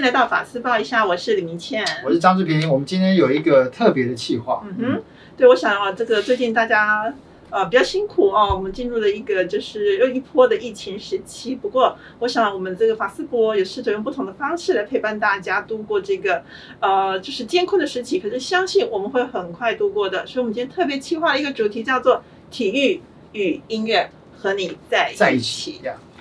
先來到法斯報一下，我是李明倩，我是張志平。我們今天有一個特別的企劃。嗯哼，對，我想啊，這個最近大家呃比較辛苦啊、哦，我們進入了一個就是又一波的疫情時期。不過我想我們這個法斯報也試着用不同的方式來陪伴大家度過這個呃就是艱困的時期。可是相信我們會很快度過的。所以，我們今天特別企劃了一個主題叫做體育與音樂，和你在一起。在一起一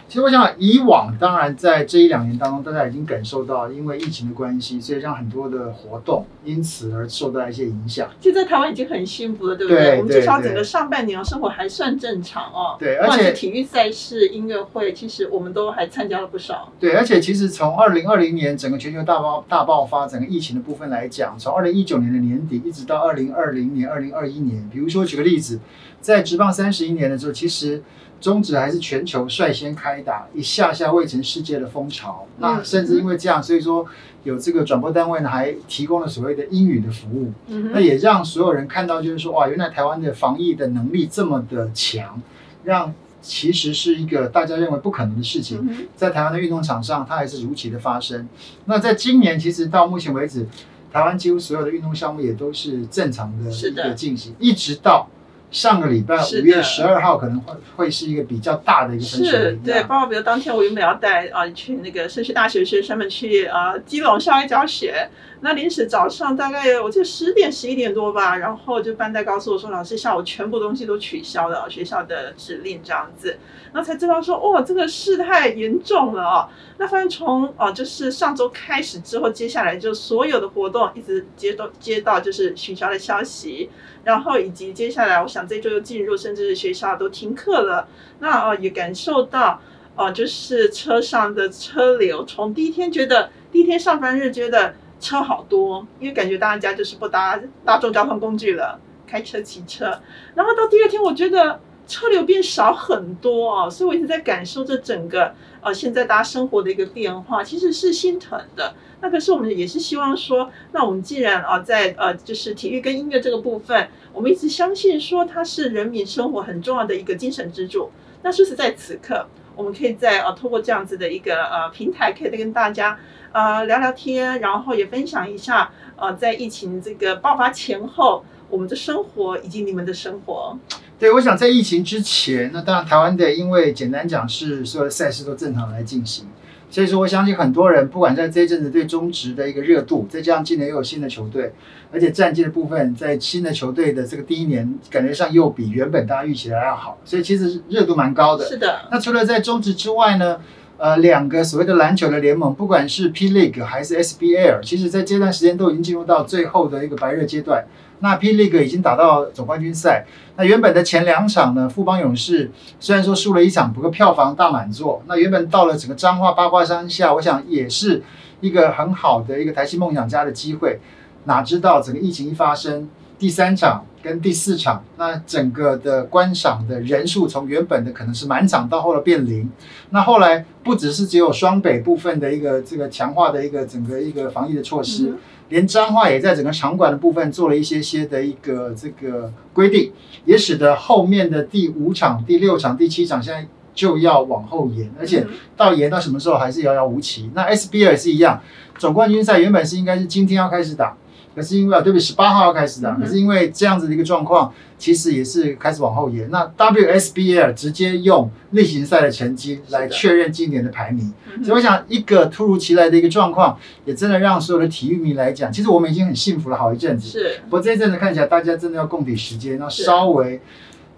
其實我想，以往當然在這一兩年當中，大家已經感受到，因為疫情的關係，所以讓很多的活動因此而受到一些影響。其實在台灣已經很幸福了，對不對？對，我們至少整個上半年生活還算正常哦。對，而且體育賽事、音樂會，其實我們都還參加了不少。對，而且其實從二零二零年整個全球大爆大爆發，整個疫情的部分來講，從二零一九年的年底一直到二零二零年、二零二一年，比如說舉個例子。在職棒三十一年的時候，其實中職還是全球率先開打，一下下未成世界的風潮。嗯、那甚至因為這樣，所以說有這個轉播單位呢還提供了所謂的英語的服務。嗯、哼那也讓所有人看到，就是說，哇，原來台灣的防疫的能力這麼的強，讓其實是一個大家認為不可能的事情，嗯、哼在台灣的運動場上，它還是如期的發生。那在今年，其實到目前為止，台灣幾乎所有的運動項目也都是正常的進行，的一直到。上個禮拜五的月十二號可能會會是一個比較大的一個事情，啊。是，對，包括比如當天我原本要帶啊一群那個社區大學學生們去啊基隆校外教學，那臨時早上大概我記得十點十一點多吧，然後就班代告訴我說，老師下午全部東西都取消了，學校的指令這樣子，那才知道說，哇、哦、這個事太嚴重了哦。那發現從哦、啊、就是上周開始之後，接下來就所有的活動一直接到接到就是取消的消息，然後以及接下來我想。這週又進入，甚至是學校都停課了。那哦、啊，也感受到哦、啊，就是車上的車流，從第一天覺得，第一天上班日覺得車好多，因為感覺大家就是不搭大眾交通工具了，開車、騎車。然後到第二天，我覺得車流變少很多哦、啊，所以我一直在感受這整個。呃、現在大家生活的一個變化，其實是心疼的。那可是我們也是希望說，那我們既然啊、呃，在呃，就是體育跟音樂這個部分，我們一直相信說它是人民生活很重要的一個精神支柱。那說實在，此刻我們可以在啊，透、呃、過這樣子的一個呃平台，可以再跟大家啊、呃、聊聊天，然後也分享一下啊、呃，在疫情這個爆發前後，我們的生活以及你們的生活。對，我想在疫情之前，那當然台灣的，因為簡單講是所有的賽事都正常來進行，所以說我相信很多人，不管在這一陣子對中職的一個熱度，再加上今年又有新的球隊，而且戰績的部分，在新的球隊的這個第一年，感覺上又比原本大家預期的還要好，所以其實熱度蠻高的。是的。那除了在中職之外呢，呃，兩個所謂的籃球的聯盟，不管是 P League 還是 SBL，其實在這段時間都已經進入到最後的一個白熱階段。那 P. LEAGUE 已經打到總冠軍賽，那原本的前兩場呢，富邦勇士雖然說輸了一場，不過票房大滿座。那原本到了整個彰化八卦山下，我想也是一個很好的一個台新夢想家的機會，哪知道整個疫情一發生。第三場跟第四場，那整個的觀賞的人數從原本的可能是滿場，到後來變零。那後來不只是只有雙北部分的一個這個強化的一個整個一個防疫的措施，連彰化也在整個場館的部分做了一些些的一個這個規定，也使得後面的第五場、第六場、第七場現在就要往後延，而且到延到什麼時候還是遙遙無期。那 SBL 也是一樣，總冠軍賽原本是應該是今天要開始打。可是因為啊，對不對？十八號要開始啊。嗯、哼可是因為這樣子的一個狀況，其實也是開始往後延。那 WSBL 直接用例行賽的成績來確認今年的排名，的所以我想，一個突如其來的一個狀況，也真的讓所有的體育迷來講，其實我們已經很幸福了好一陣子。是，不過這一陣子看起來，大家真的要共體時艱，要稍微。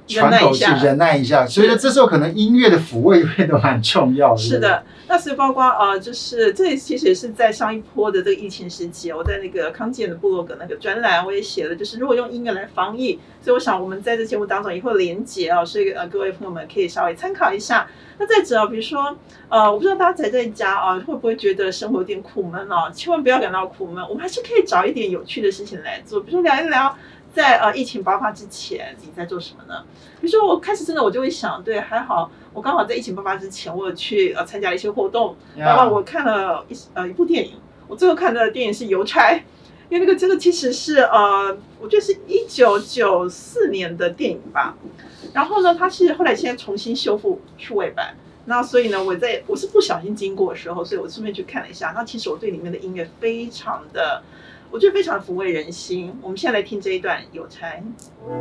忍耐一下，忍耐一下。所以呢，這時候可能音樂的撫慰也都蠻重要的。是，是，是的，那所以包括啊、呃，就是這其實也是在上一波的這個疫情時期，我在那個康健的部落格那個專欄，我也寫了，就是如果用音樂來防疫。所以我想，我們在這節目當中也會連結啊，所以呃，各位朋友們可以稍微參考一下。那再者啊，比如說呃，我不知道大家宅在家啊，會不會覺得生活有點苦悶啊？千萬不要感到苦悶，我們還是可以找一點有趣的事情來做，比如說聊一聊。在呃疫情爆發之前，你在做什麼呢？比如說我開始真的我就會想，對，還好我剛好在疫情爆發之前我有，我去呃參加了一些活動，Yeah. 然後我看了一呃一部電影，我最後看的電影是《郵差》，因為那個真的其實是呃，我覺得是一九九四年的電影吧。然後呢，它是後來現在重新修復數位版，那所以呢，我在我是不小心經過的時候，所以我順便去看了一下。那其實我對裡面的音樂非常的。我覺得非常撫慰人心。我們現在來聽這一段《郵差》。嗯，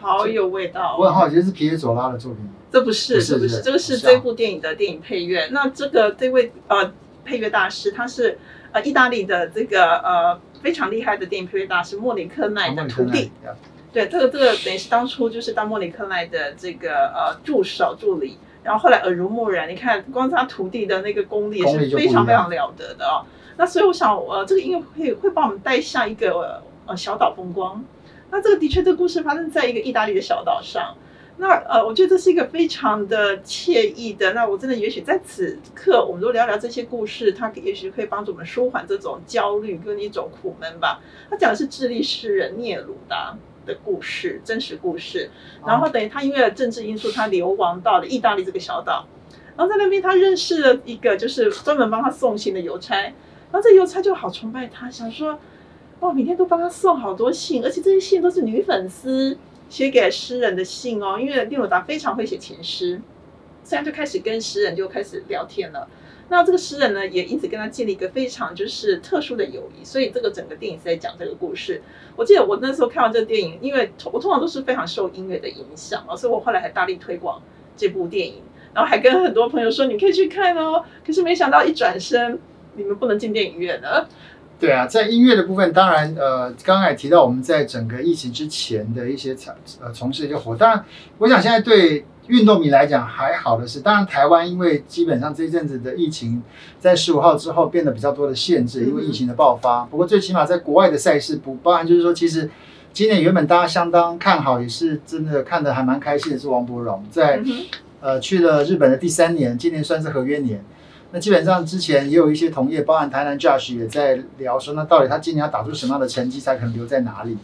好有味道。哦，我很好奇，這是皮耶佐拉的作品嗎？這不是，不是這不是，是是是這個是這部電影的電影配樂。啊，那這個這位啊。呃配樂大師，他是呃意大利的這個呃非常厲害的電影配樂大師莫裡克奈的徒弟，對，這個這個等於是當初就是當莫裡克奈的這個呃助手助理，然後後來耳濡目染，你看光是他徒弟的那個功力也是非常非常了得的哦。那所以我想，呃，這個音樂會會把我們帶向一個呃小島風光。那這個的確，這個故事發生在一個意大利的小島上。那呃，我覺得這是一個非常的愜意的。那我真的也許在此刻，我們都聊聊這些故事，它也許可以幫助我們舒緩這種焦慮跟一種苦悶吧。他講的是智利詩人聶魯達的故事，真實故事。然後等於他因為政治因素，他流亡到了意大利這個小島，然後在那邊他認識了一個就是專門幫他送信的郵差，然後這郵差就好崇拜他，想說，哇、哦，每天都幫他送好多信，而且這些信都是女粉絲。寫給詩人的信哦，因為聶魯達非常會寫情詩，這樣就開始跟詩人就開始聊天了。那這個詩人呢，也因此跟他建立一個非常就是特殊的友誼。所以這個整個電影是在講這個故事。我記得我那時候看完這個電影，因為我通常都是非常受音樂的影響哦，所以我後來還大力推廣這部電影，然後還跟很多朋友說，你可以去看哦。可是沒想到一轉身，你們不能進電影院了。對啊，在音樂的部分，當然，呃，剛才提到我們在整個疫情之前的一些從呃從事的一些活當然，我想現在對運動迷來講還好的是，當然，台灣因為基本上這一陣子的疫情，在十五號之後變得比較多的限制，因為疫情的爆發。嗯、哼不過最起碼在國外的賽事不包含，就是說，其實今年原本大家相當看好，也是真的看得還蠻開心的是，王柏融在、嗯、哼呃去了日本的第三年，今年算是合約年。那基本上之前也有一些同業，包含台南 Josh 也在聊說，那到底他今年要打出什麼樣的成績才可能留在哪裡？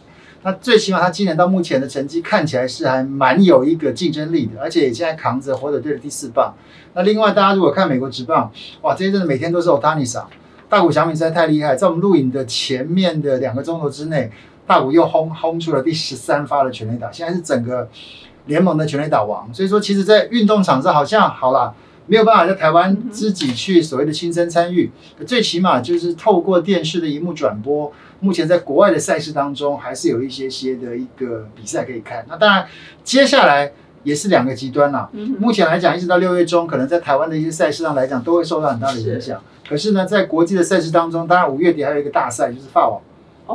那最起碼他今年到目前的成績看起來是還蠻有一個競爭力的，而且也現在扛着火腿隊的第四棒。那另外大家如果看美國職棒，哇，這些真的每天都是 Otani san 大谷翔平實在太厲害，在我們錄影的前面的兩個鐘頭之內，大谷又轟轟出了第十三發的全壘打，現在是整個聯盟的全壘打王。所以說，其實在運動場上好像好啦。沒有辦法在台灣自己去所謂的親身參與，最起碼就是透過電視的熒幕轉播。目前在國外的賽事當中，還是有一些些的一個比賽可以看。那當然，接下來也是兩個極端啦、啊。目前來講，一直到六月中，可能在台灣的一些賽事上來講，都會受到很大的影響。可是呢，在國際的賽事當中，當然五月底還有一個大賽就是法網，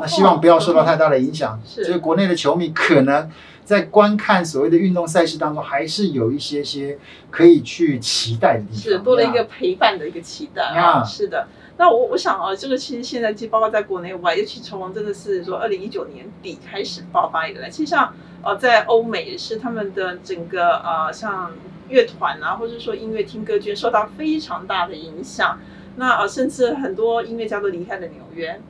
那希望不要受到太大的影響。就是國內的球迷可能。在觀看所謂的運動賽事當中，還是有一些些可以去期待的地方，是多了一個陪伴的一個期待啊。是的，那我我想啊、呃，這個其實現在既包括在國內外，尤其從真的是說二零一九年底開始爆發以來，其實像呃在歐美是他們的整個呃像樂團啊，或者說音樂廳歌劇受到非常大的影響，那、呃、甚至很多音樂家都離開了紐約。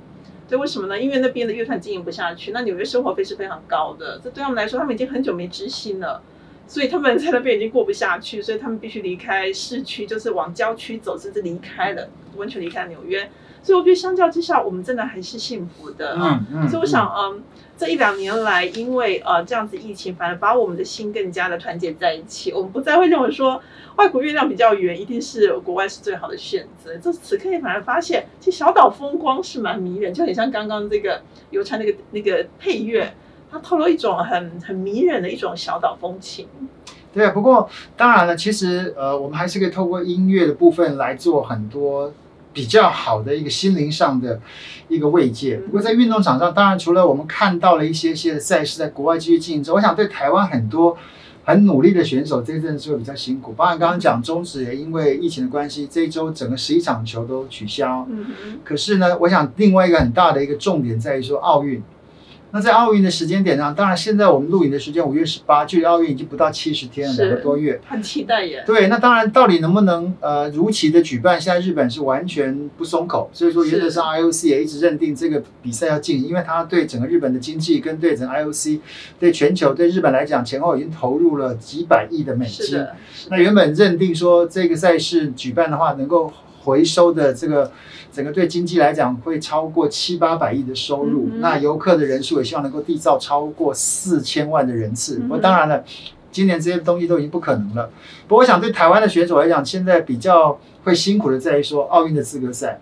對，為什麼呢？因為那邊的樂團經營不下去。那紐約生活費是非常高的，這對他們來說，他們已經很久沒支薪了，所以他們在那邊已經過不下去，所以他們必須離開市區，就是往郊區走，甚至離開了，完全離開了紐約。所以我覺得相較之下，我們真的還是幸福的嗯，嗯，嗯，所以我想，嗯，這一兩年來，因為呃這樣子疫情，反而把我們的心更加的團結在一起。我們不再會認為說外國月亮比較圓，一定是國外是最好的選擇。就此刻也反而發現，其實小島風光是蠻迷人，就很像剛剛這個郵差那個那個配樂，它透露一種很很迷人的一種小島風情。對，不過當然了，其實呃，我們還是可以透過音樂的部分來做很多。比較好的一個心靈上的一個慰藉，不過在運動場上，當然除了我們看到了一些些的賽事在國外繼續進行之外，我想對台灣很多很努力的選手這一陣子會比較辛苦。包括剛剛講中止也因為疫情的關係，這一周整個十一場球都取消。嗯哼可是呢，我想另外一個很大的一個重點在於說奧運。那在奧運的時間點上，當然現在我們錄影的時間五月十八，距離奧運已經不到七十天了，是兩個多月，很期待耶。對，那當然到底能不能呃如期的舉辦？現在日本是完全不鬆口，所以說原則上 IOC 也一直認定這個比賽要進行，是因為它對整個日本的經濟跟對整個 IOC 對全球對日本來講，前後已經投入了幾百億的美金。那原本認定說這個賽事舉辦的話，能夠。回收的這個整個對經濟來講會超過七八百億的收入，嗯嗯、那遊客的人數也希望能夠締造超過四千萬的人次。那、嗯嗯、當然了，今年這些東西都已經不可能了。不過我想對台灣的選手來講，現在比較會辛苦的在於說奧運的資格賽。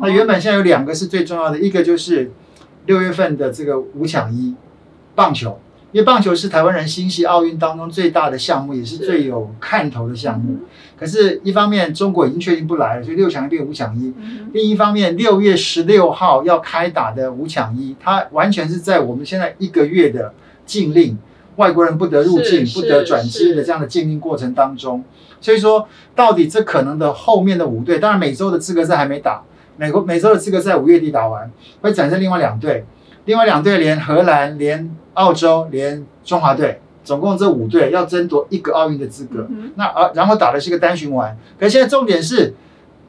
那原本現在有兩個是最重要的，一個就是六月份的這個五搶一棒球。因為棒球是台灣人心繫奧運當中最大的項目，也是最有看頭的項目。是 嗯、可是，一方面中國已經確定不來了，所以六搶一變五搶一；另一方面，六月十六號要開打的五搶一，它完全是在我們現在一個月的禁令，外國人不得入境、是 不得轉機的這樣的禁令過程當中。所以說，到底這可能的後面的五隊，當然美洲的資格賽還沒打，美國美洲的資格賽五月底打完，會產生另外兩隊，另外兩隊連荷蘭連。澳洲連中華隊總共這五隊要爭奪一個奧運的資格，Mm hmm. 那然後打的是個單循環。可是現在重點是，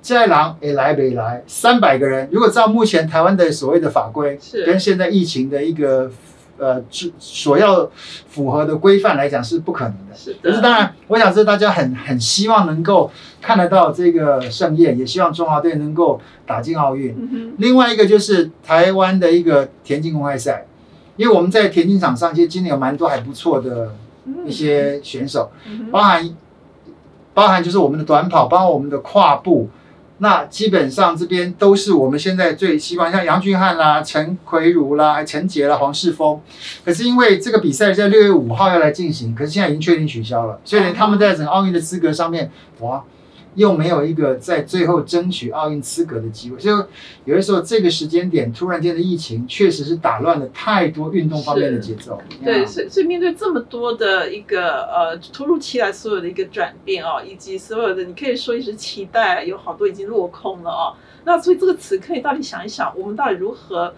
這在狼也來沒來？三百個人，如果照目前台灣的所謂的法規，是跟現在疫情的一個呃所要符合的規範來講，是不可能的事。是,的是當然，我想這大家很很希望能夠看得到這個盛宴，也希望中華隊能夠打進奧運。Mm hmm. 另外一個就是台灣的一個田徑公開賽。因為我們在田徑場上，其實今年有蠻多還不錯的一些選手，包含包含就是我們的短跑，包括我們的跨步，那基本上這邊都是我們現在最希望，像楊俊瀚啦、陳奎儒啦、陳傑啦、黃世峰，可是因為這個比賽在六月五號要來進行，可是現在已經確定取消了，所以連他們在整個奧運的資格上面，哇。又沒有一個在最後爭取奧運資格的機會，就有的時候這個時間點突然間的疫情，確實是打亂了太多運動方面的節奏。是好對，所以所以面對這麼多的一個呃突如其來所有的一個轉變哦，以及所有的你可以說一直期待，有好多已經落空了哦。那所以這個此刻你到底想一想，我們到底如何？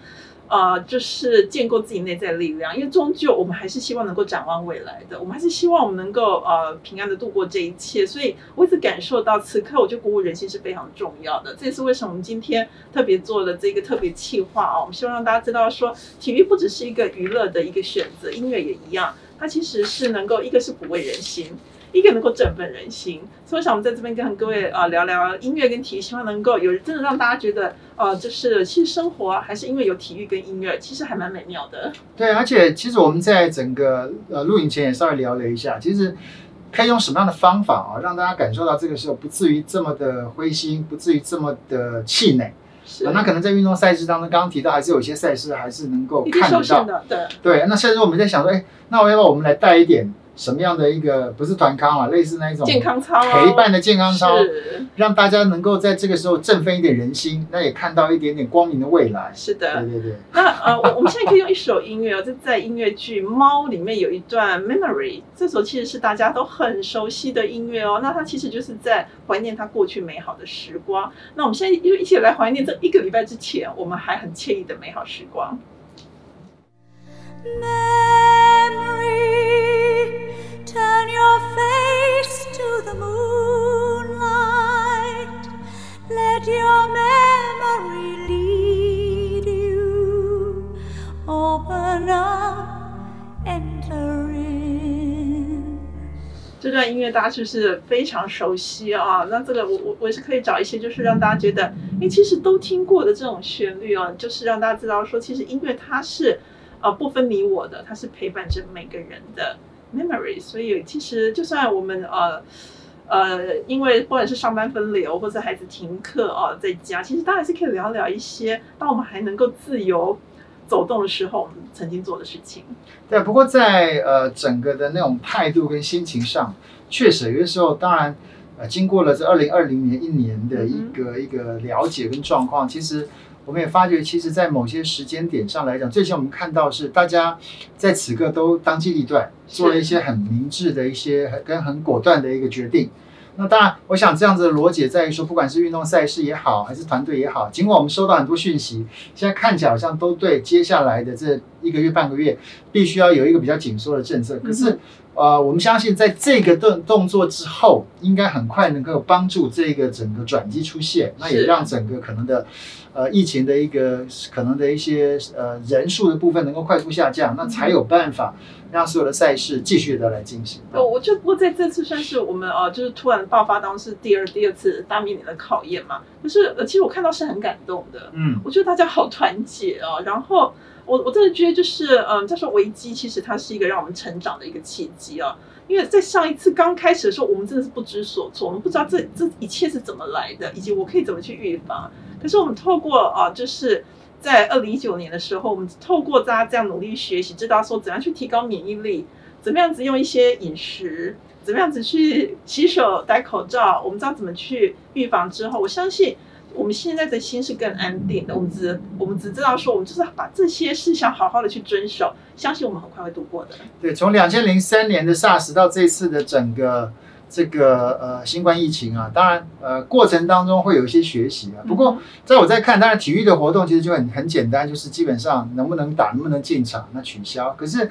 呃，就是建構自己內在力量，因為終究我們還是希望能夠展望未來的，我們還是希望我們能夠呃平安的度過這一切。所以，我一直感受到此刻，我覺得鼓舞人心是非常重要的。這也是為什麼我們今天特別做了這個特別企劃啊，哦，我們希望讓大家知道，說體育不只是一個娛樂的一個選擇，音樂也一樣，它其實是能夠一個是撫慰人心。一個能夠振奮人心，所以我想我們在這邊跟各位啊、呃、聊聊音樂跟體育，希望能夠有真的讓大家覺得哦、呃，就是其實生活還是因為有體育跟音樂，其實還蠻美妙的。對，而且其實我們在整個呃錄影前也稍微聊了一下，其實可以用什麼樣的方法啊，讓大家感受到這個時候不至於這麼的灰心，不至於這麼的氣餒。是、啊。那可能在運動賽事當中，剛剛提到還是有一些賽事還是能夠一的看得到。對對，那現在我們在想說，哎，那我要不要我們來帶一點？什麼樣的一個不是團康啊，類似那一種健康操、陪伴的健康操，康操哦、是讓大家能夠在這個時候振奮一點人心，那也看到一點點光明的未來。是的，對對對。那呃，我我們現在可以用一首音樂哦，就 在音樂劇《貓》裡面有一段《Memory》，這首其實是大家都很熟悉的音樂哦。那它其實就是在懷念他過去美好的時光。那我們現在就一起來懷念這一個禮拜之前我們還很愜意的美好時光。嗯 Turn your face to the moonlight, let your memory lead you. Open up, enter in. 這段音樂大家是不是非常熟悉啊那這個我我我是可以找一些就是讓大家覺得哎其實都聽過的這種旋律啊就是讓大家知道說其實音樂它是呃不分你我的它是陪伴着每個人的 memory，所以其實就算我們呃呃，因為不管是上班分流或者孩子停課啊、呃，在家，其實當然是可以聊聊一些，當我們還能夠自由走動的時候，我們曾經做的事情。對，不過在呃整個的那種態度跟心情上，確實有些時候，當然、呃、經過了這二零二零年一年的一個嗯嗯一個了解跟狀況，其實。我們也發覺，其實，在某些時間點上來講，最近我們看到是大家在此刻都當機立斷，做了一些很明智的一些是跟很果斷的一個決定。那當然，我想這樣子的邏輯在於說，不管是運動賽事也好，還是團隊也好，儘管我們收到很多訊息，現在看起來好像都對接下來的這一個月半個月，必須要有一個比較緊縮的政策，可是、嗯。呃，我們相信，在這個動動作之後，應該很快能夠幫助這個整個轉機出現，是那也讓整個可能的，呃，疫情的一個可能的一些呃人數的部分能夠快速下降，那才有辦法讓所有的賽事繼續的來進行。嗯嗯、我覺得，不過在這次算是我們啊、呃，就是突然爆發，當時第二第二次大面臨的考驗嘛。可是，呃，其實我看到是很感動的，嗯，我覺得大家好團結哦，然後。我我真的覺得就是，嗯，叫做危機，其實它是一個讓我們成長的一個契機啊。因為在上一次剛開始的時候，我們真的是不知所措，我們不知道這這一切是怎麼來的，以及我可以怎麼去預防。可是我們透過啊，就是在二零一九年的時候，我們透過大家這樣努力學習，知道說怎樣去提高免疫力，怎麼樣子用一些飲食，怎麼樣子去洗手、戴口罩，我們知道怎麼去預防之後，我相信。我們現在的心是更安定的，我們只我們只知道說，我們就是把這些事項好好的去遵守，相信我們很快會度過的。對，從二千零三年的 SARS 到這次的整個這個呃新冠疫情啊，當然，呃，過程當中會有一些學習啊。不過在我在看，當然體育的活動其實就很很簡單，就是基本上能不能打，能不能進場，那取消。可是。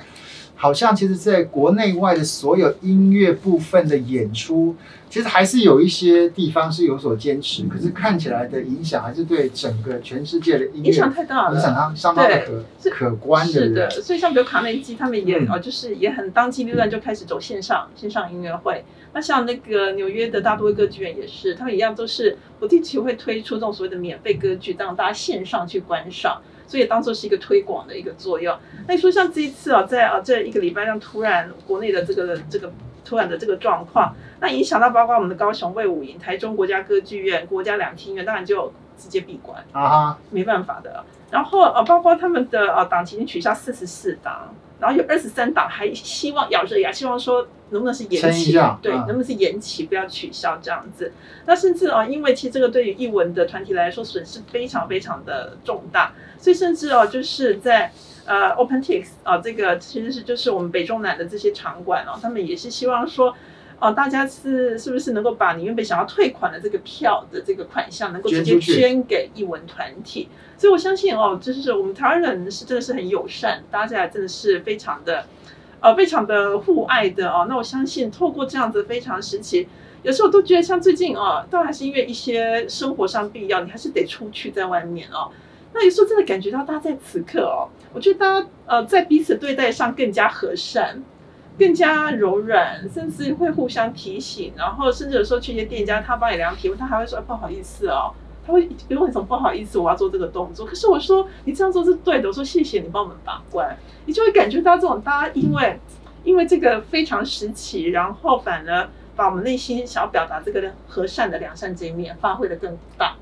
好像其實，在國內外的所有音樂部分的演出，其實還是有一些地方是有所堅持。嗯、可是看起來的影響，還是對整個全世界的音樂影響太大了，影響上上當的可對可觀的是。是的，所以像比如卡內基他們也、嗯、哦，就是也很當機立斷就開始走線上、嗯、線上音樂會。那像那個紐約的大都會歌劇院也是，他們一樣都是不定期會推出這種所謂的免費歌劇，讓大家線上去觀賞。所以也當做是一個推廣的一個作用。那你說像這一次啊，在啊這一個禮拜上，突然國內的這個這個突然的這個狀況，那影響到包括我們的高雄衛武營、台中國家歌劇院、國家兩廳院，當然就直接閉館啊，uh huh. 沒辦法的。然後啊，包括他們的啊檔期已經取消四十四檔。然後有二十三檔還希望咬着牙，希望說能不能是延期，上對，能不能是延期，啊、不要取消這樣子。那甚至啊、哦，因為其實這個對於藝文的團體來說，損失非常非常的重大，所以甚至哦，就是在呃，OPENTIX 啊、呃，這個其實是就是我們北中南的這些場館哦，他們也是希望說。哦，大家是是不是能夠把你原本想要退款的這個票的這個款項，能夠直接捐給藝文團體？所以我相信哦，就是我們台灣人是真的是很友善，大家真的是非常的，呃，非常的互愛的哦。那我相信透過這樣子非常時期，有時候我都覺得像最近哦，當然還是因為一些生活上必要，你還是得出去在外面哦。那有時候真的感覺到大家在此刻哦，我覺得大家呃在彼此對待上更加和善。更加柔軟，甚至會互相提醒，然後甚至有時候去一些店家，他幫你量體溫，他還會說、哎、不好意思哦，他會問你什麼不好意思，我要做這個動作。可是我說你這樣做是對的，我說謝謝你幫我們把關，你就會感覺到這種大家因為因為這個非常時期，然後反而把我們內心想要表達這個和善的良善的一面發揮得更大。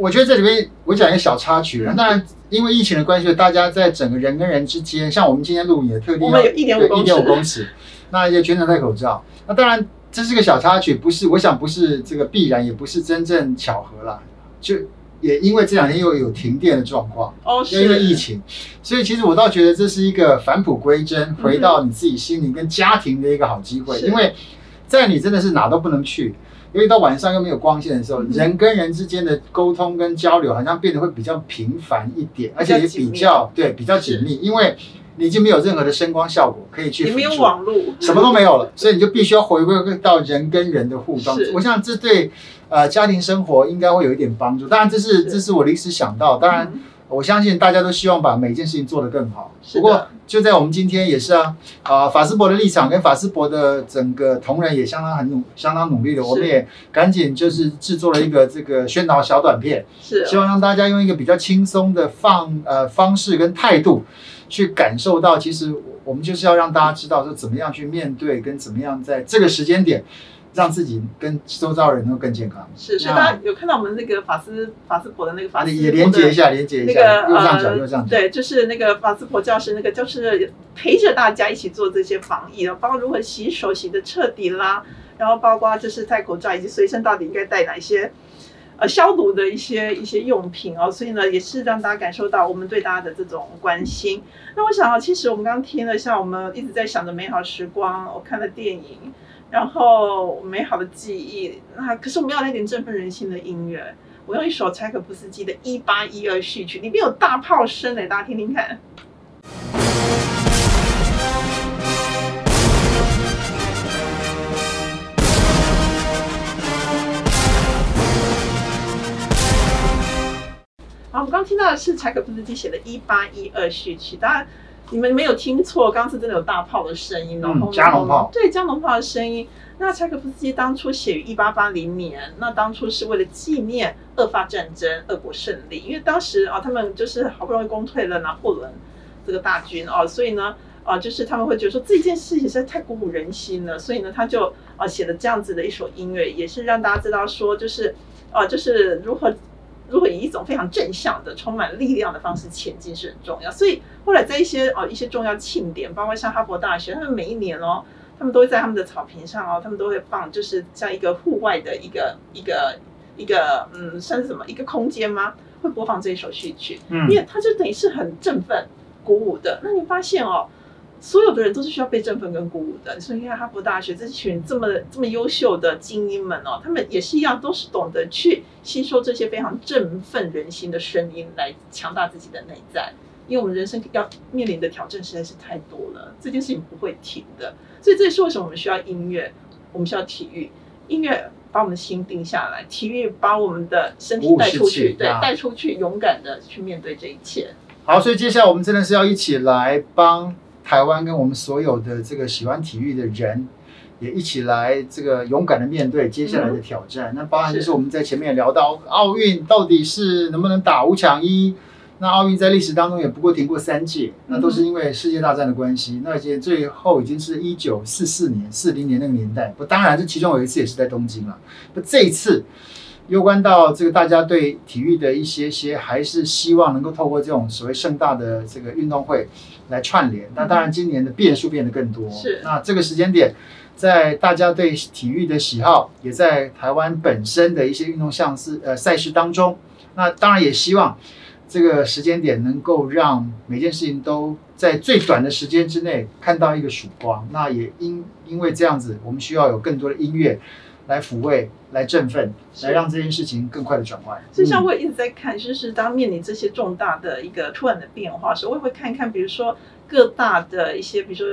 我覺得這裡面，我講一個小插曲，那因為疫情的關係，大家在整個人跟人之間，像我們今天錄影也特地，要有一點五，五公尺，那也全程戴口罩。那當然這是個小插曲，不是我想不是這個必然，也不是真正巧合啦。就也因為這兩天又有停電的狀況，哦，是因為疫情，是所以其實我倒覺得這是一個返璞歸真，回到你自己心裡跟家庭的一個好機會，Okay. 因為在你真的是哪都不能去。因為到晚上又沒有光線的時候，嗯、人跟人之間的溝通跟交流好像變得會比較頻繁一點，而且也比較對比較緊密，緊密是因為你已經沒有任何的聲光效果可以去。沒有網絡，什麼都沒有了，是所以你就必須要回歸到人跟人的互動。是我想這對呃家庭生活應該會有一點幫助。當然，這是對這是我臨時想到。當然。嗯我相信大家都希望把每件事情做得更好。是的 不過就在我們今天也是啊，啊，法斯報的立場跟法斯報的整個同仁也相當很努，相當努力的。是 我們也趕緊就是製作了一個這個宣導小短片，是、啊、希望讓大家用一個比較輕鬆的放呃方式跟態度去感受到，其實我們就是要讓大家知道說怎麼樣去面對，跟怎麼樣在這個時間點。讓自己跟周遭人都更健康。是，那所以大家有看到我們那個法斯法斯婆的那個法斯婆，那個、也連接一下，連接一下。那個呃，右上角，右上角。對，就是那個法斯婆教師，那個就是陪着大家一起做這些防疫的，包括如何洗手洗得徹底啦，然後包括就是戴口罩以及隨身到底應該帶哪些呃消毒的一些一些用品哦。所以呢，也是讓大家感受到我們對大家的這種關心。嗯、那我想啊，其實我們剛剛聽了一下，像我們一直在想的美好的時光，我看了電影。然後美好的記憶，那、啊、可是我們要來點振奮人心的音樂。我用一首柴可夫斯基的《一八一二序曲》，裡面有大炮聲，給大家聽聽看。 好，我們剛聽到的是柴可夫斯基寫的《一八一二序曲》，當然。你們沒有聽錯，剛才是真的有大炮的聲音，然後、嗯、加農炮、嗯。對，加農炮的聲音。那柴可夫斯基當初寫於一八八零年，那當初是為了紀念俄法戰爭俄國勝利，因為當時啊、呃，他們就是好不容易攻退了拿破崙這個大軍啊、呃，所以呢，啊、呃，就是他們會覺得說這件事情實在太鼓舞人心了，所以呢，他就啊、呃、寫了這樣子的一首音樂，也是讓大家知道說，就是啊、呃，就是如何。如果以一種非常正向的、充滿力量的方式前進是很重要，所以後來在一些哦一些重要慶典，包括像哈佛大學，他們每一年哦，他們都會在他們的草坪上哦，他們都會放，就是在一個戶外的一個一個一個嗯，算是什麼一個空間嗎？會播放這一首序曲，嗯，因為他就等於是很振奮鼓舞的。那你發現哦。所有的人都是需要被振奮跟鼓舞的。所以你看哈佛大學這群這麼這麼優秀的精英們哦，他們也是一樣，都是懂得去吸收這些非常振奮人心的聲音，來強大自己的內在。因為我們人生要面臨的挑戰實在是太多了，這件事情不會停的。所以這也是為什麼我們需要音樂，我們需要體育。音樂把我們的心定下來，體育把我們的身體帶出去，對，帶出去，勇敢的去面對這一切。好，所以接下來我們真的是要一起來幫。台灣跟我們所有的這個喜歡體育的人，也一起來這個勇敢的面對接下來的挑戰。嗯、那包含就是我們在前面也聊到奧運到底是能不能打五搶一，是的。那奧運在歷史當中也不過停過三屆，嗯、那都是因為世界大戰的關係。那而且最後已經是一九四四年、四零年那個年代，不當然這其中有一次也是在東京了。不這一次。攸關到這個大家對體育的一些些，還是希望能夠透過這種所謂盛大的這個運動會來串聯。那當然，今年的變數變得更多。是。那這個時間點，在大家對體育的喜好，也在台灣本身的一些運動項式呃賽事當中。那當然也希望這個時間點能夠讓每件事情都在最短的時間之內看到一個曙光。那也因因為這樣子，我們需要有更多的音樂。來撫慰，來振奮，來讓這件事情更快的轉彎。所以是，嗯、像我一直在看，就是當面臨這些重大的一個突然的變化時，所以我也會看一看，比如說各大的一些，比如說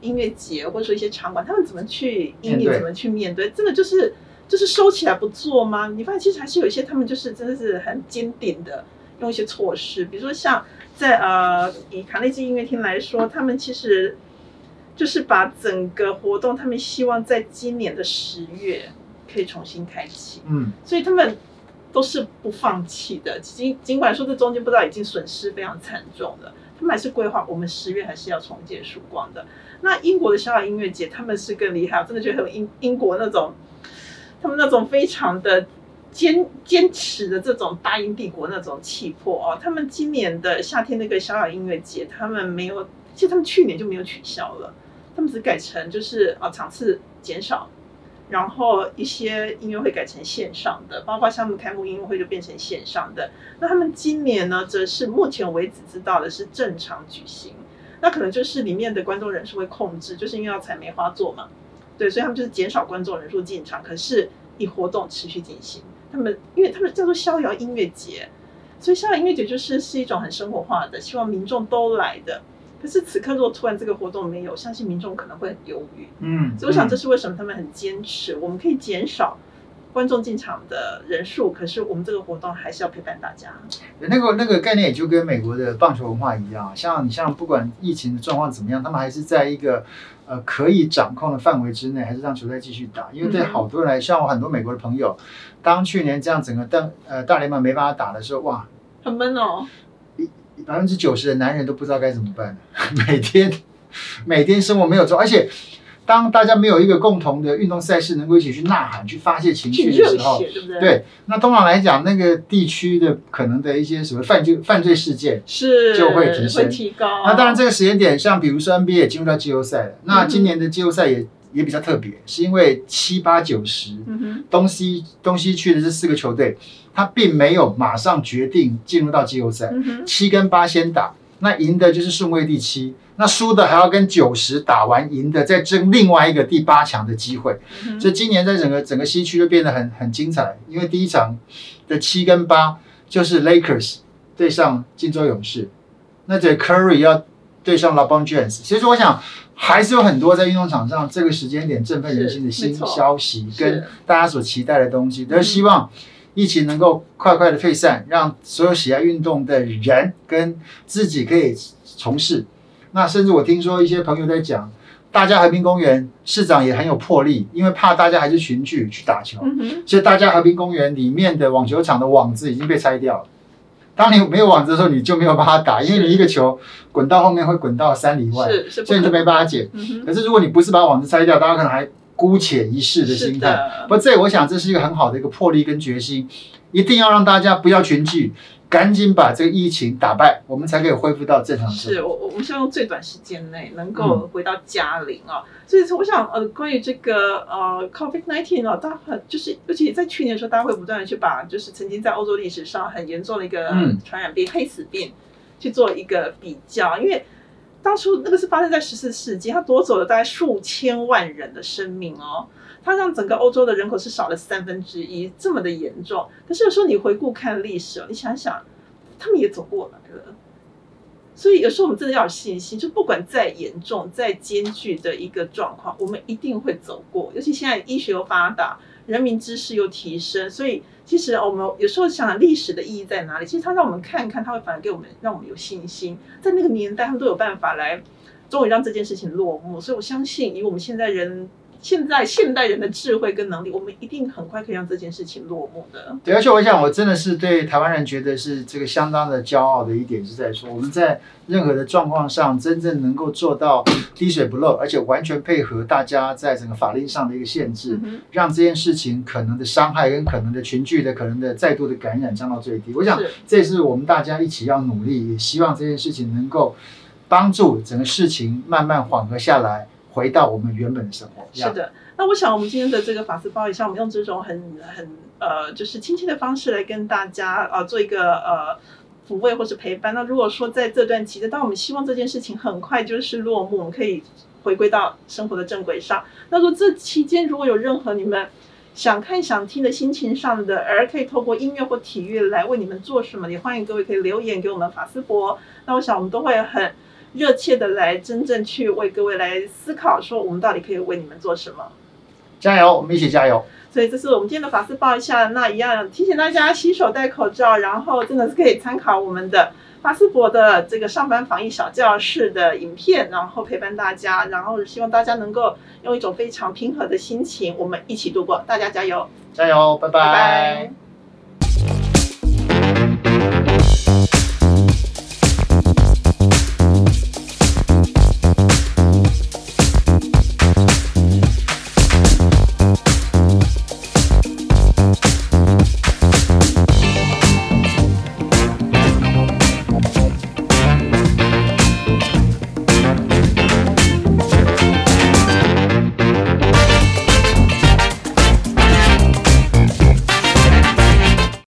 音樂節或者說一些場館，他們怎麼去應對，怎麼去面對。真的就是就是收起來不做嗎？你發現其實還是有一些他們就是真的是很堅定的，用一些措施，比如說像在呃以卡內基音樂廳來說，他們其實。就是把整個活動，他們希望在今年的十月可以重新開啟，嗯，所以他們都是不放棄的，儘儘管說這中間不知道已經損失非常慘重的，他們還是規劃我們十月還是要重建曙光的。那英國的小小音樂節，他們是更厲害，我真的覺得很英英國那種，他們那種非常的堅堅持的這種大英帝國那種氣魄哦，他們今年的夏天那個小小音樂節，他們沒有，其實他們去年就沒有取消了。他們只改成就是啊場次減少，然後一些音樂會改成線上的，包括像他們開幕音樂會就變成線上的。那他們今年呢，則是目前為止知道的是正常舉行，那可能就是裡面的觀眾人數會控制，就是因為要採梅花座嘛，對，所以他們就是減少觀眾人數進場，可是以活動持續進行。他們因為他們叫做逍遙音樂節，所以逍遙音樂節就是是一種很生活化的，希望民眾都來的。可是此刻如果突然這個活動沒有，相信民眾可能會很憂鬱。嗯，所以我想這是為什麼他們很堅持。嗯、我們可以減少觀眾進場的人數，可是我們這個活動還是要陪伴大家。那個那個概念也就跟美國的棒球文化一樣，像你像不管疫情的狀況怎麼樣，他們還是在一個呃可以掌控的範圍之內，還是讓球賽繼續打。因為對好多人來，嗯、像我很多美國的朋友，當去年這樣整個大呃大聯盟沒辦法打的時候，哇，很悶哦。百分之九十的男人都不知道該怎麼辦，每天每天生活沒有做，而且當大家沒有一個共同的運動賽事能夠一起去吶喊、去發洩情緒的時候，對，那通常來講，那個地區的可能的一些什麼犯罪犯罪事件是就會提升，那當然這個時間點，像比如說 NBA 也進入到季後賽了，那今年的季後賽也，也比較特別，是因為七八九十，嗯、哼東西東西區的這四個球隊，他並沒有馬上決定進入到季後賽。嗯、哼七跟八先打，那贏的就是順位第七，那輸的還要跟九十打完，贏的再爭另外一個第八強的機會。嗯、哼所以今年在整個整個西區就變得很很精彩，因為第一場的七跟八就是 Lakers 對上金州勇士，那這 Curry 要對上 LeBron James。所以說，我想。還是有很多在運動場上這個時間點振奮人心的新消息是，跟大家所期待的東西，都是希望疫情能夠快快的退散，嗯、讓所有喜愛運動的人跟自己可以從事。那甚至我聽說一些朋友在講，大家和平公園市長也很有魄力，因為怕大家還是群聚去打球，其實、嗯、大家和平公園裡面的網球場的網子已經被拆掉了。當你沒有網子的時候，你就沒有辦法打，因為你一個球滾到後面會滾到三里外，所以你就沒辦法撿。嗯、哼可是如果你不是把網子拆掉，大家可能還姑且一試的心態。的不過，這我想這是一個很好的一個魄力跟決心，一定要讓大家不要群聚。趕緊把這個疫情打敗，我們才可以恢復到正常。是我，我們希望用最短時間內能夠回到家裡啊、哦。嗯、所以，我想呃，關於這個呃，COVID-19 啊、哦，大家就是，尤其在去年的時候，大家會不斷的去把，就是曾經在歐洲歷史上很嚴重的一個傳染病——嗯、黑死病，去做一個比較，因為當初那個是發生在十四世紀，它奪走了大概數千萬人的生命哦。它讓整個歐洲的人口是少了三分之一，這麼的嚴重。可是有時候你回顧看歷史哦，你想想，他們也走過了。對。所以有時候我們真的要有信心，就不管再嚴重、再艱巨的一個狀況，我們一定會走過。尤其現在醫學又發達，人民知識又提升，所以其實我們有時候想想歷史的意義在哪裡？其實它讓我們看一看，它會反而給我們讓我們有信心。在那個年代，他們都有辦法來，終於讓這件事情落幕。所以我相信，以我們現在人。現在現代人的智慧跟能力，我們一定很快可以讓這件事情落幕的。對，而且我想，我真的是對台灣人覺得是這個相當的驕傲的一點是在說，我們在任何的狀況上，真正能夠做到滴水不漏，而且完全配合大家在整個法令上的一個限制，嗯、哼讓這件事情可能的傷害跟可能的群聚的可能的再度的感染降到最低。我想，這是我們大家一起要努力，也希望這件事情能夠幫助整個事情慢慢緩和下來。回到我們原本的生活。是的，那我想我們今天的這個法斯報，也像我們用這種很很呃，就是親切的方式來跟大家呃做一個呃撫慰或是陪伴。那如果說在這段期間，當我們希望這件事情很快就是落幕，我們可以回歸到生活的正軌上。那說這期間如果有任何你們想看、想聽的心情上的，而可以透過音樂或體育來為你們做什麼，也歡迎各位可以留言給我們法斯報。那我想我們都會很。熱切的來，真正去為各位來思考，說我們到底可以為你們做什麼？加油，我們一起加油。所以這是我們今天的法斯報一下，那一樣提醒大家洗手戴口罩、然後真的是可以參考我們的法斯報的這個上班防疫小教室的影片，然後陪伴大家，然後希望大家能夠用一種非常平和的心情，我們一起度過。大家加油，加油，拜拜。拜拜。